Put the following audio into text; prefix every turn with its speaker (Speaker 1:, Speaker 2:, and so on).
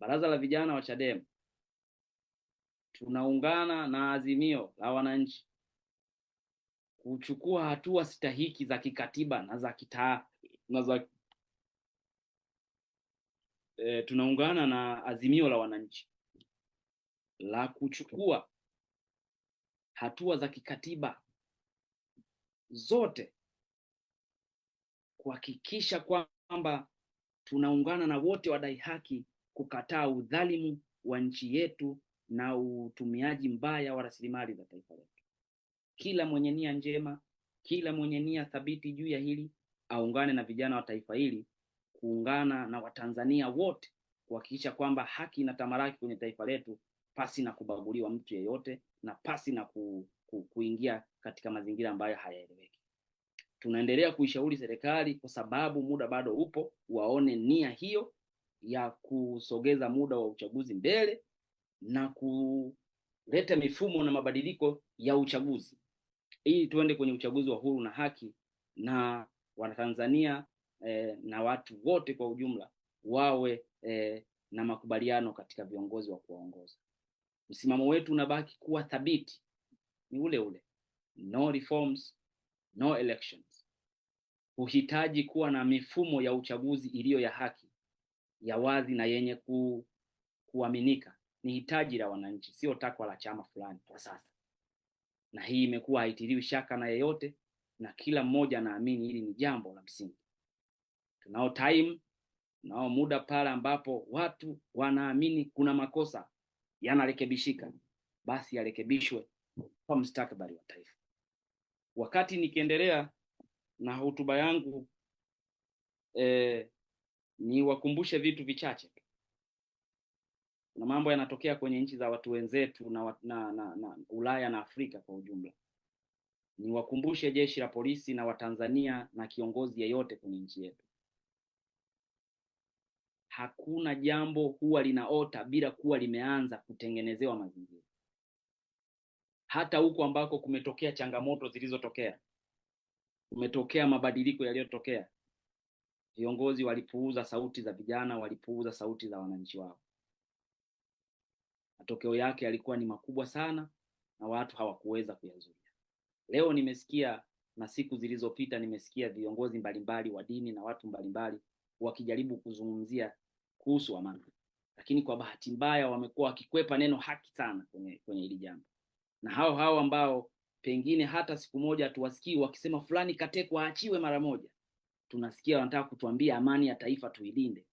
Speaker 1: Baraza la vijana wa Chadema tunaungana na azimio la wananchi kuchukua hatua stahiki za kikatiba na za kitaa na za e, tunaungana na azimio la wananchi la kuchukua hatua za kikatiba zote kuhakikisha kwamba tunaungana na wote wadai haki kukataa udhalimu wa nchi yetu na utumiaji mbaya wa rasilimali za taifa letu. Kila mwenye nia njema, kila mwenye nia thabiti juu ya hili aungane na vijana wa taifa hili kuungana na Watanzania wote kuhakikisha kwamba haki inatamalaki kwenye taifa letu pasi na kubaguliwa mtu yeyote na pasi na ku, ku, kuingia katika mazingira ambayo hayaeleweki. Tunaendelea kuishauri serikali kwa sababu muda bado upo, waone nia hiyo ya kusogeza muda wa uchaguzi mbele na kuleta mifumo na mabadiliko ya uchaguzi ili tuende kwenye uchaguzi wa huru na haki, na Wanatanzania eh, na watu wote kwa ujumla wawe eh, na makubaliano katika viongozi wa kuwaongoza. Msimamo wetu unabaki kuwa thabiti, ni ule ule, no reforms, no elections. Huhitaji kuwa na mifumo ya uchaguzi iliyo ya haki ya wazi na yenye ku, kuaminika ni hitaji la wananchi, sio takwa la chama fulani kwa sasa, na hii imekuwa haitiliwi shaka na yeyote, na kila mmoja anaamini hili ni jambo la msingi. Tunao time, tunao muda pale ambapo watu wanaamini kuna makosa yanarekebishika, basi yarekebishwe kwa mustakabali wa taifa. Wakati nikiendelea na hotuba yangu eh, niwakumbushe vitu vichache. Kuna mambo yanatokea kwenye nchi za watu wenzetu na, na, na, na Ulaya na Afrika kwa ujumla. Niwakumbushe jeshi la polisi na Watanzania na kiongozi yeyote kwenye nchi yetu, hakuna jambo huwa linaota bila kuwa limeanza kutengenezewa mazingira. Hata huko ambako kumetokea changamoto zilizotokea, kumetokea mabadiliko yaliyotokea, Viongozi walipuuza sauti za vijana, walipuuza sauti za wananchi wao. Matokeo yake yalikuwa ni makubwa sana, na watu hawakuweza kuyazuia. Leo nimesikia na siku zilizopita nimesikia viongozi mbalimbali wa dini na watu mbalimbali wakijaribu kuzungumzia kuhusu amani, lakini kwa bahati mbaya wamekuwa wakikwepa neno haki sana kwenye kwenye hili jambo, na hao hao ambao pengine hata siku moja hatuwasikii wakisema fulani katekwa aachiwe mara moja, tunasikia wanataka kutuambia amani ya taifa tuilinde.